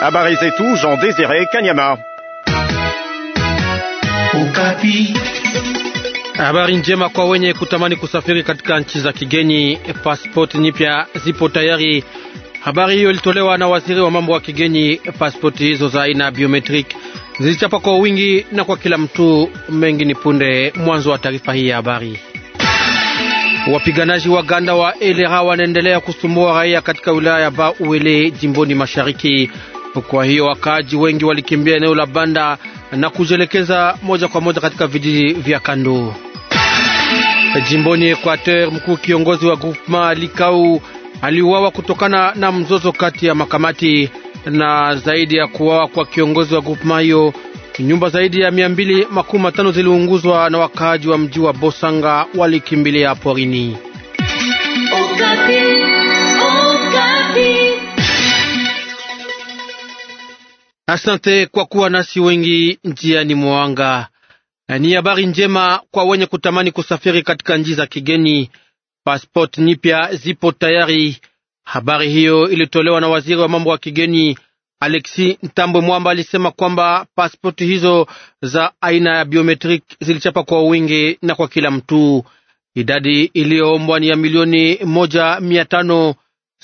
Habari oh, oh, zetu Jean Désiré Kanyama. Habari njema kwa wenye kutamani kusafiri katika nchi za kigeni, passport nipya zipo tayari. Habari hiyo ilitolewa na waziri wa mambo ya kigeni. Passport hizo za aina biometric zilichapa kwa wingi na kwa kila mtu. Mengi ni punde mwanzo wa taarifa hii ya habari. Wapiganaji wa Ganda wa Elera wanaendelea kusumbua raia katika wilaya ya Ba Uele jimboni mashariki. Kwa hiyo wakaaji wengi walikimbia eneo la Banda na kujielekeza moja kwa moja katika vijiji vya kando jimboni Equateur. Mkuu kiongozi wa Groupema Likau aliuawa kutokana na mzozo kati ya makamati, na zaidi ya kuuawa kwa kiongozi wa Groupema hiyo Nyumba zaidi ya mia mbili makumi matano ziliunguzwa na wakaaji wa mji wa Bosanga walikimbilia porini. Asante kwa kuwa nasi wengi njiani mwanga. Ni habari njema kwa wenye kutamani kusafiri katika nchi za kigeni. Pasipoti nipya zipo tayari. Habari hiyo ilitolewa na waziri wa mambo ya kigeni Alexi Ntambwe Mwamba alisema kwamba pasipoti hizo za aina ya biometric zilichapa kwa wingi na kwa kila mtu. Idadi iliyoombwa ni ya milioni moja mia tano,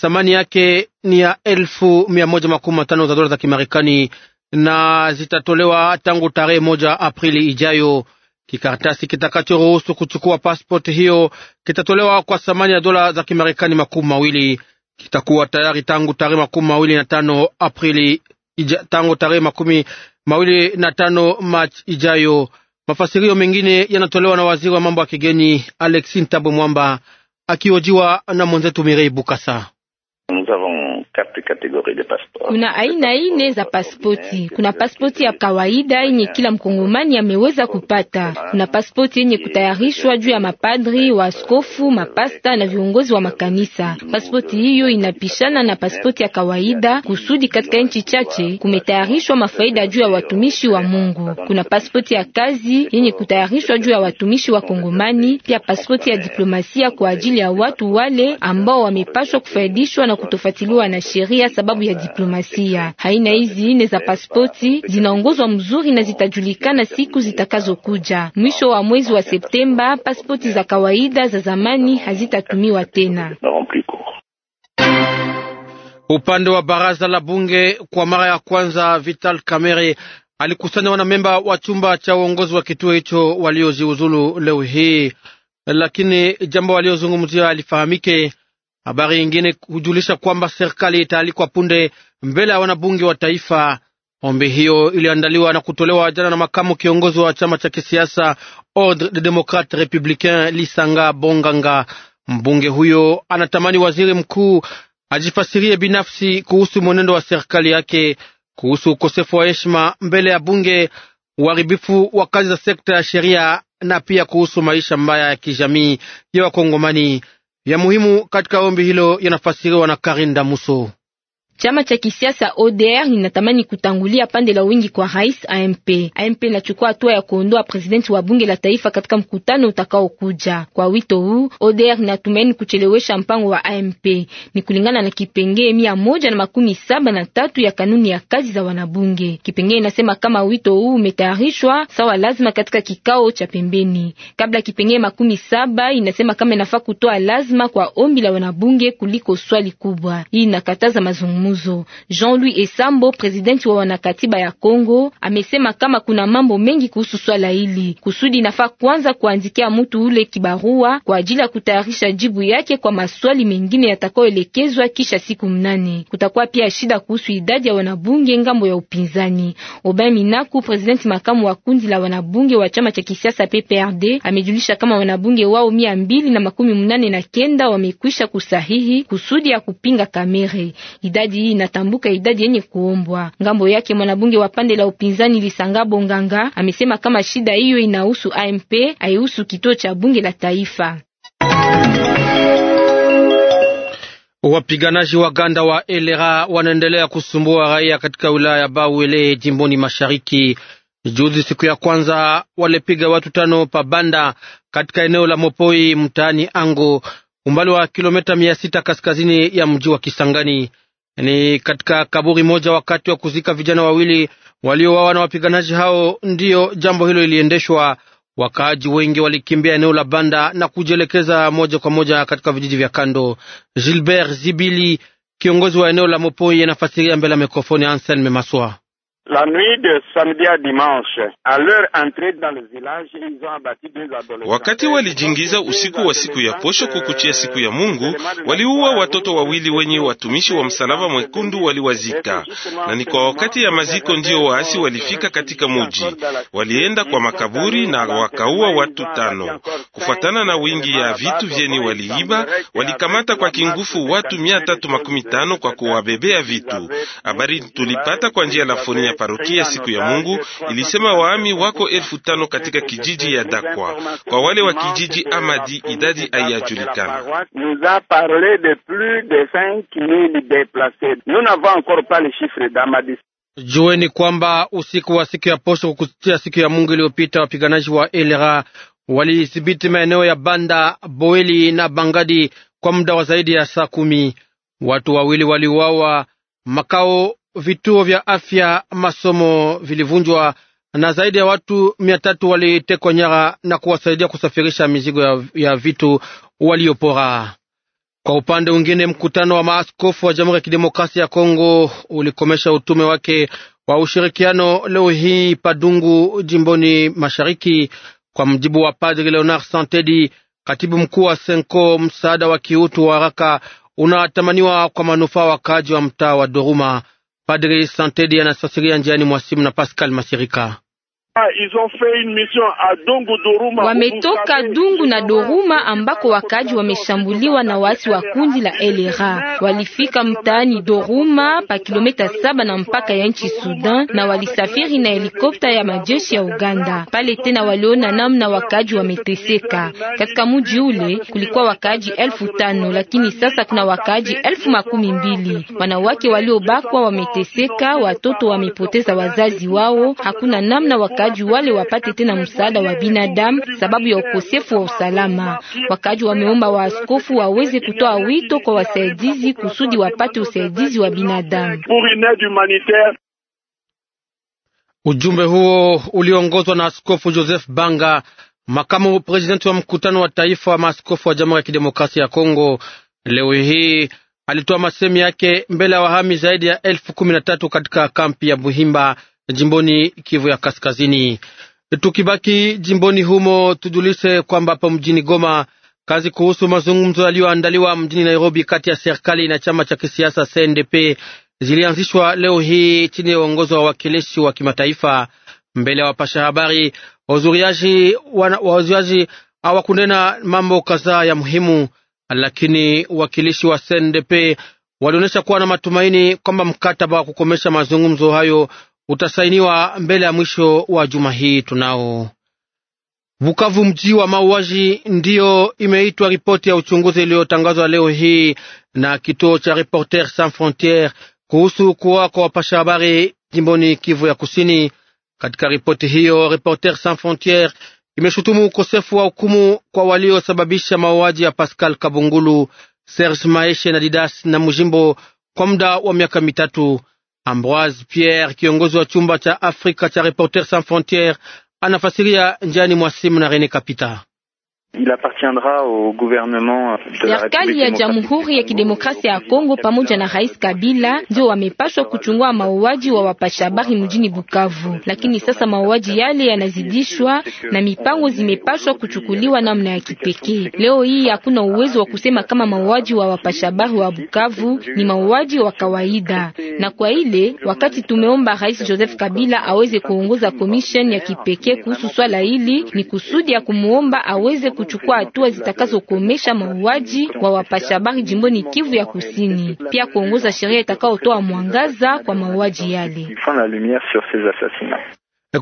thamani yake ni ya elfu mia moja makumi matano za dola za Kimarekani na zitatolewa tangu tarehe moja Aprili ijayo. Kikaratasi kitakachoruhusu kuchukua pasipoti hiyo kitatolewa kwa thamani ya dola za Kimarekani makumi mawili kitakuwa tayari tangu tarehe makumi mawili na tano Aprili ija, tangu tarehe makumi mawili na tano Machi ijayo. Mafasirio mengine yanatolewa na waziri wa mambo ya kigeni Alexis Ntabwe Mwamba akiojiwa na mwenzetu Mirei Bukasa kuna aina ine za pasipoti. Kuna pasipoti ya kawaida yenye kila mkongomani ameweza kupata. Kuna pasipoti yenye kutayarishwa juu ya mapadri, waaskofu, mapasta na viongozi wa makanisa. Pasipoti hiyo inapishana na pasipoti ya kawaida kusudi katika nchi chache kumetayarishwa mafaida juu ya watumishi wa Mungu. Kuna pasipoti ya kazi yenye kutayarishwa juu ya watumishi wa Kongomani, pia pasipoti ya diplomasia kwa ajili ya watu wale ambao wamepashwa kufaidishwa na kuto inayofuatiliwa na sheria sababu ya diplomasia. Haina hizi nne za pasipoti zinaongozwa mzuri na zitajulikana siku zitakazokuja. Mwisho wa mwezi wa Septemba, pasipoti za kawaida za zamani hazitatumiwa tena. Upande wa baraza la bunge, kwa mara ya kwanza Vital Kamerhe alikusanya wanamemba wa chumba cha uongozi wa kituo hicho waliojiuzulu leo hii, lakini jambo waliozungumzia alifahamike Habari nyingine hujulisha kwamba serikali itaalikwa punde mbele ya wanabunge wa taifa. Ombi hiyo iliandaliwa na kutolewa jana na makamu kiongozi wa chama cha kisiasa Ordre de Democrate Republicain Lisanga Bonganga. Mbunge huyo anatamani waziri mkuu ajifasirie binafsi kuhusu mwenendo wa serikali yake, kuhusu ukosefu wa heshima mbele ya bunge, uharibifu wa kazi za sekta ya sheria na pia kuhusu maisha mbaya ya kijamii ya Wakongomani ya muhimu katika ombi hilo yanafasiriwa na Karinda Muso. Chama cha kisiasa ODR linatamani kutangulia pande la wingi kwa rais AMP. AMP inachukua hatua ya kuondoa presidenti wa bunge la taifa katika mkutano utakaokuja. Kwa wito huu, ODR inatumaini kuchelewesha mpango wa AMP ni kulingana na kipengee mia moja na makumi saba na tatu ya kanuni ya kazi za wanabunge. Kipengee inasema kama wito huu umetayarishwa sawa, lazima katika kikao cha pembeni kabla. Kipengee makumi saba inasema kama inafaa kutoa lazima kwa ombi la wanabunge kuliko swali kubwa. Hii inakataza mazungumzo mazungumzo. Jean-Louis Esambo, presidenti wa wanakatiba ya Kongo, amesema kama kuna mambo mengi kuhusu swala hili. Kusudi nafaa kwanza kuandikia mtu ule kibarua kwa ajili ya kutayarisha jibu yake kwa maswali mengine yatakayoelekezwa kisha siku mnane. Kutakuwa pia shida kuhusu idadi ya wanabunge ngambo ya upinzani. Obain Minaku, presidenti makamu wa kundi la wanabunge wa chama cha kisiasa PPRD, amejulisha kama wanabunge wao mia mbili na makumi mnane na kenda wamekwisha kusahihi kusudi ya kupinga kamere idadi hii inatambuka idadi yenye kuombwa. Ngambo yake mwanabunge wa pande la upinzani Lisanga Bonganga amesema kama shida hiyo inahusu AMP haihusu kituo cha bunge la taifa. Wapiganaji wa ganda wa elera wanaendelea kusumbua raia katika wilaya ya Bawele jimboni mashariki. Juzi siku ya kwanza walipiga watu tano banda katika eneo la Mopoi mtaani Ango, umbali wa kilomita mia sita kaskazini ya mji wa Kisangani ni katika kaburi moja wakati wa kuzika vijana wawili waliowawa na wapiganaji hao. Ndiyo jambo hilo liliendeshwa. Wakaaji wengi walikimbia eneo la Banda na kujielekeza moja kwa moja katika vijiji vya kando. Gilbert Zibili, kiongozi wa eneo la Mopoi, anafasiria mbele ya mikrofoni Anselme Maswa. La nuit de samedi à dimanche, à leur entrée dans le village, ils ont abattu deux adolescents. Wakati walijingiza usiku wa siku ya posho kukuchia siku ya Mungu, waliua watoto wawili wenye watumishi wa msalaba mwekundu waliwazika. Na ni kwa wakati ya maziko ndio waasi walifika katika muji. Walienda kwa makaburi na wakaua watu tano. Kufuatana na wingi ya vitu vyeni waliiba, walikamata kwa kingufu watu mia tatu makumi tano kwa kuwabebea vitu. Habari tulipata kwa njia la foni ya parokia siku ya Mungu ilisema waami wako elfu tano katika kijiji ya Dakwa. Kwa wale wa kijiji Amadi idadi haiyajulikana. Jueni kwamba usiku wa siku ya posho kukutia siku ya Mungu iliyopita wapiganaji wa Elera walithibiti maeneo ya Banda, Boeli na Bangadi kwa muda wa zaidi ya saa kumi. Watu wawili waliuawa, makao vituo vya afya, masomo vilivunjwa na zaidi ya watu mia tatu walitekwa nyara na kuwasaidia kusafirisha mizigo ya, ya vitu waliopora. Kwa upande mwingine, mkutano wa maaskofu wa Jamhuri ya Kidemokrasia ya Kongo ulikomesha utume wake wa ushirikiano leo hii Padungu, jimboni Mashariki. Kwa mjibu wa Padri Leonard Santedi, katibu mkuu wa Senko, msaada wa kiutu wa haraka unatamaniwa kwa manufaa wakaaji wa mtaa wa Doruma. Padri Santedi anasafiri njiani mwa simu na Pascal Masirika. Ah, Wametoka Dungu na Doruma ambako wakaji wameshambuliwa na waasi wa kundi la LRA. Walifika mtaani Doruma pa kilomita saba na mpaka ya nchi Sudan, na walisafiri na helikopta ya majeshi ya Uganda. Pale tena waliona namna wakaji wameteseka. Katika muji ule kulikuwa wakaji elfu tano lakini sasa kuna wakaji elfu makumi mbili. Wanawake waliobakwa wameteseka, watoto wamepoteza wazazi wao, hakuna namna wakaji wakaji wale wapate tena msaada wa binadamu sababu ya ukosefu wa usalama. Wakaji wameomba waaskofu waweze kutoa wito kwa wasaidizi kusudi wapate usaidizi wa binadamu. Ujumbe huo uliongozwa na Askofu Joseph Banga, makamu presidenti wa mkutano wa taifa wa maaskofu wa Jamhuri ya Kidemokrasia ya Kongo. Leo hii alitoa masemi yake mbele ya wahami zaidi ya elfu kumi na tatu katika kampi ya Buhimba jimboni Kivu ya Kaskazini. Tukibaki jimboni humo, tujulishe kwamba hapo mjini Goma kazi kuhusu mazungumzo yaliyoandaliwa mjini Nairobi kati ya serikali na chama cha kisiasa CNDP zilianzishwa leo hii chini ya uongozi wa wawakilishi wa kimataifa. Mbele ya wapasha habari, wazuriaji hawakunena mambo kadhaa ya muhimu, lakini wakilishi wa CNDP walionyesha kuwa na matumaini kwamba mkataba wa kukomesha mazungumzo hayo utasainiwa mbele ya mwisho wa juma hii. Tunao Bukavu, mji wa mauaji, ndiyo imeitwa ripoti ya uchunguzi iliyotangazwa leo hii na kituo cha Reporter Sans Frontiere kuhusu kuwa kwa wapasha habari jimboni Kivu ya Kusini. Katika ripoti hiyo, Reporter Sans Frontiere imeshutumu ukosefu wa hukumu kwa waliosababisha mauaji ya Pascal Kabungulu, Serge Maeshe na Didas na Mujimbo kwa muda wa miaka mitatu. Ambroise Pierre, kiongozi wa chumba cha Afrika cha Reporters Sans Frontieres, anafasiria njiani mwa simu na Rene Kapita. Il appartiendra au gouvernement de serikali ya Jamhuri ya Kidemokrasia ya Kongo pamoja na Rais Kabila ndio wamepaswa kuchungua mauaji wa wapasha habari mjini Bukavu, lakini sasa mauaji yale yanazidishwa na mipango zimepaswa kuchukuliwa namna ya kipekee. Leo hii hakuna uwezo wa kusema kama mauaji wa wapasha habari wa Bukavu ni mauaji wa kawaida, na kwa ile wakati tumeomba Rais Joseph Kabila aweze kuongoza commission ya kipekee kuhusu swala hili, ni kusudi ya kumuomba aweze kuchukua hatua zitakazokomesha mauaji kwa wapasha habari jimboni Kivu ya Kusini, pia kuongoza sheria itakayotoa mwangaza kwa mauaji yale.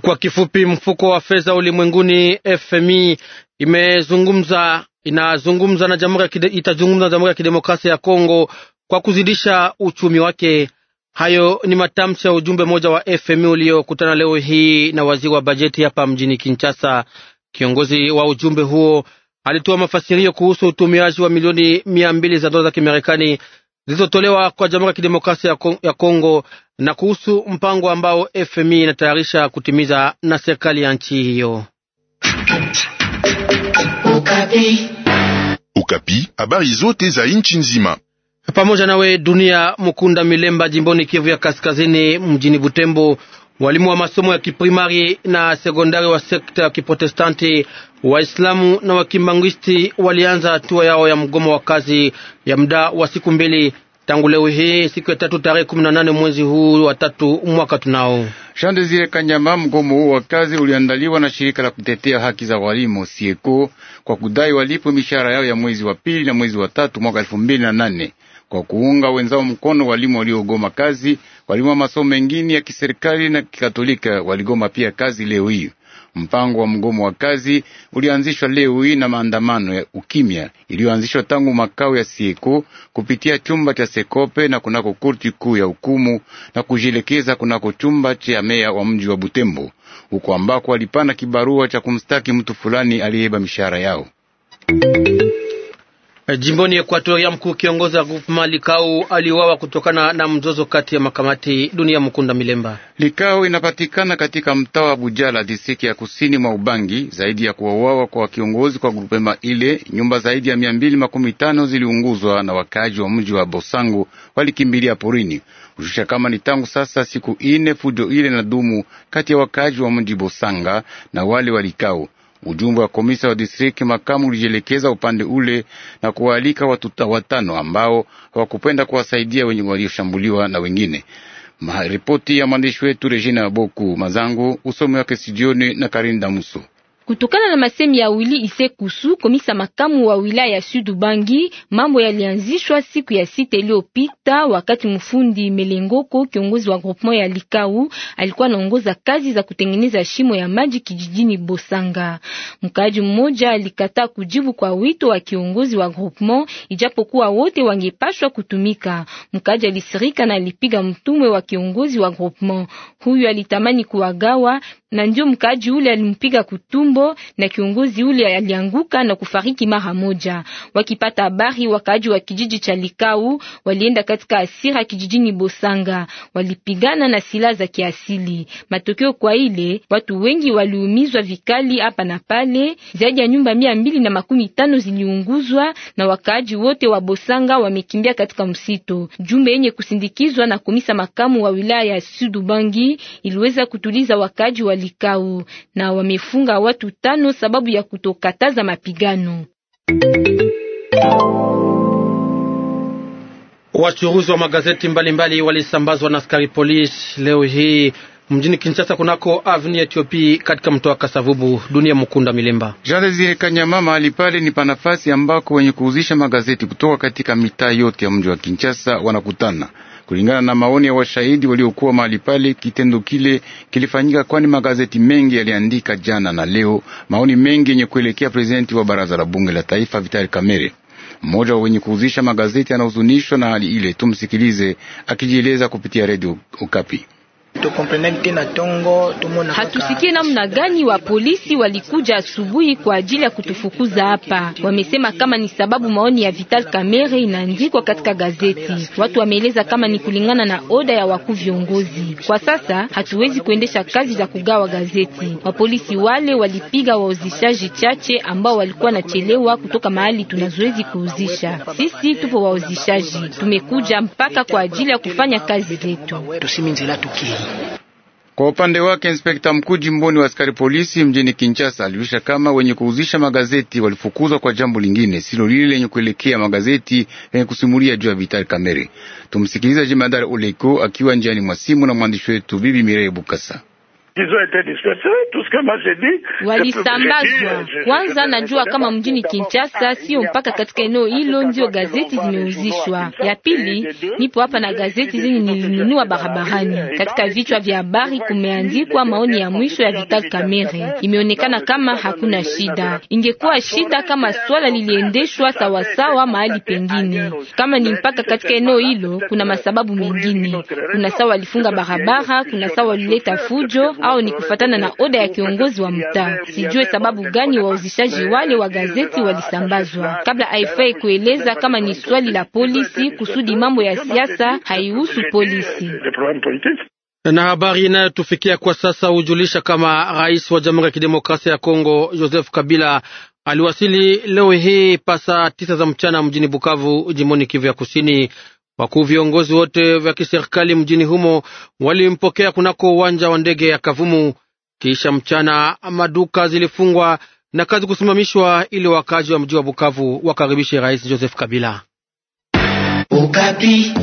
Kwa kifupi, mfuko wa fedha ulimwenguni FMI imezungumza inazungumza na jamhuri itazungumza na Jamhuri ya Kidemokrasia ya Kongo kwa kuzidisha uchumi wake. Hayo ni matamshi ya ujumbe mmoja wa FMI uliokutana leo hii na waziri wa bajeti hapa mjini Kinshasa. Kiongozi wa ujumbe huo alitoa mafasirio kuhusu utumiaji wa milioni mia mbili za dola za Kimarekani zilizotolewa kwa Jamhuri ya Kidemokrasia ya Kongo na kuhusu mpango ambao FMI inatayarisha kutimiza na serikali ya nchi hiyo. Ukapi, Ukapi, habari zote za nchi nzima pamoja nawe dunia. Mukunda Milemba, jimboni Kivu ya Kaskazini, mjini Butembo walimu wa masomo ya kiprimari na sekondari wa sekta ya Kiprotestanti, Waislamu na wakimbangisti walianza hatua yao ya mgomo wa kazi ya muda wa siku mbili tangu leo hii siku ya tatu tarehe nane mwezi huu wa tatu mwaka tunao. shande zile Kanyama, mgomo huo wa kazi uliandaliwa na shirika la kutetea haki za walimu Sieko kwa kudai walipo mishahara yao ya mwezi wa pili na mwezi wa tatu mwaka elfu mbili na nane kwa kuunga wenzao mkono walimu waliogoma kazi. Walimu wa masomo mengine ya kiserikali na kikatolika waligoma pia kazi leo hii. Mpango wa mgomo wa kazi ulianzishwa leo hii na maandamano ya ukimya iliyoanzishwa tangu makao ya sieko kupitia chumba cha Sekope na kunako korti kuu ya hukumu na kujielekeza kunako chumba cha meya wa mji wa Butembo, huko ambako walipana kibarua cha kumstaki mtu fulani aliyeba mishahara yao. Eh, jimboni Ekuatoria, mkuu kiongozi wa grupema Likau aliuawa kutokana na mzozo kati ya makamati Dunia Mkunda Milemba. Likau inapatikana katika mtaa wa Bujala, disiki ya kusini mwa Ubangi. Zaidi ya kuwawawa kwa kiongozi kwa grupema ile, nyumba zaidi ya mia mbili makumi tano ziliunguzwa na wakaaji wa mji wa Bosango walikimbilia porini kushusha kama ni tangu sasa siku ine. Fujo ile na dumu kati ya wakaaji wa mji Bosanga na wale wa Likau Ujumbe wa komisa wa distriki makamu ulijielekeza upande ule na kuwaalika watu watano ambao hawakupenda kuwasaidia wenye walioshambuliwa na wengine. maripoti ya mwandishi wetu Regina Boku Mazangu, usomi wake sijioni na Karinda Muso. Kutokana na masemi ya Wili Kusu, komisa makamu wa wilaya ya Sud Ubangi, mambo yalianzishwa siku ya sita iliyopita, wakati mfundi Melengoko, kiongozi wa groupement ya Likau, alikuwa anaongoza kazi za kutengeneza shimo ya maji kijijini Bosanga. Mkaaji mmoja alikataa kujibu kwa wito wa kiongozi wa groupement, ijapokuwa wote wangepashwa kutumika. Mkaaji alisirika na alipiga mtume wa kiongozi wa groupement. Huyu alitamani kuwagawa na ndio mkaaji ule alimpiga kutumbo Lutombo na kiongozi ule alianguka na kufariki mara moja. Wakipata habari, wakaaji wa kijiji cha Likau walienda katika asira kijijini Bosanga, walipigana na silaha za kiasili. Matokeo kwa ile watu wengi waliumizwa vikali hapa na pale, zaidi ya nyumba mia mbili na makumi tano ziliunguzwa na wakaaji wote wa Bosanga wamekimbia katika msitu. Jumbe yenye kusindikizwa na komisa makamu wa wilaya ya Sudubangi iliweza kutuliza wakaaji wa Likau na wamefunga watu watu tano sababu ya kutokataza mapigano. Wachuruzi wa magazeti mbalimbali walisambazwa na askari polisi leo hii mjini Kinshasa kunako Avni Ethiopia katika mtoa Kasavubu. Dunia Mkunda Milemba Jean-Desire Kanyamama alipale ni panafasi ambako wenye kuuzisha magazeti kutoka katika mitaa yote ya mji wa Kinshasa wanakutana. Kulingana na maoni ya washahidi waliokuwa mahali pale, kitendo kile kilifanyika kwani magazeti mengi yaliandika jana na leo maoni mengi yenye kuelekea prezidenti wa baraza la bunge la taifa Vital kamere Mmoja wa wenye kuuzisha magazeti anahuzunishwa na hali ile. Tumsikilize akijieleza kupitia redio Ukapi. Hatusikie namna gani wa polisi walikuja asubuhi kwa ajili ya kutufukuza hapa. Wamesema kama ni sababu maoni ya Vital Kamerhe inaandikwa katika gazeti. Watu wameeleza kama ni kulingana na oda ya wakuu viongozi. Kwa sasa hatuwezi kuendesha kazi za kugawa gazeti. Wapolisi wale walipiga waozishaji chache ambao walikuwa nachelewa kutoka mahali tunazoezi kuuzisha. Sisi tupo waozishaji tumekuja mpaka kwa ajili ya kufanya kazi zetu. Kwa upande wake inspekta mkuu jimboni wa askari polisi mjini Kinshasa aliwisha kama wenye kuuzisha magazeti walifukuzwa kwa jambo lingine silo lile lenye kuelekea magazeti lenye kusimulia juu ya Vital Kamerhe. Tumsikiliza jemadari Oleko akiwa njiani mwa simu na mwandishi wetu bibi Mirei Bukasa ils ont Tout ce que moi j'ai dit, walisambazwa kwanza. Najua kama mjini Kinshasa, sio mpaka katika eneo hilo ndio gazeti zimeuzishwa. Ya pili, nipo hapa na gazeti zenye nilinunua barabarani. Katika vichwa vya habari kumeandikwa maoni ya mwisho ya Vital Kamerhe. Imeonekana kama hakuna shida. Ingekuwa shida kama swala liliendeshwa sawasawa mahali pengine. Kama ni mpaka katika eneo hilo, kuna masababu mengine. Kuna sawa walifunga barabara, kuna sawa walileta fujo au ni kufatana na oda ya kiongozi wa mtaa. Sijue sababu gani wauzishaji wale wa gazeti walisambazwa. Kabla aifai kueleza kama ni swali la polisi kusudi mambo ya siasa haihusu polisi. Na habari inayotufikia kwa sasa hujulisha kama rais wa Jamhuri ya Kidemokrasia ya Kongo Joseph Kabila aliwasili leo hii pasa tisa za mchana mjini Bukavu, jimboni Kivu ya Kusini. Wakuu viongozi wote vya kiserikali mjini humo walimpokea kunako uwanja wa ndege ya Kavumu. Kisha mchana maduka zilifungwa na kazi kusimamishwa ili wakazi wa mji wa Bukavu wakaribishe Rais Joseph Kabila Ukapi.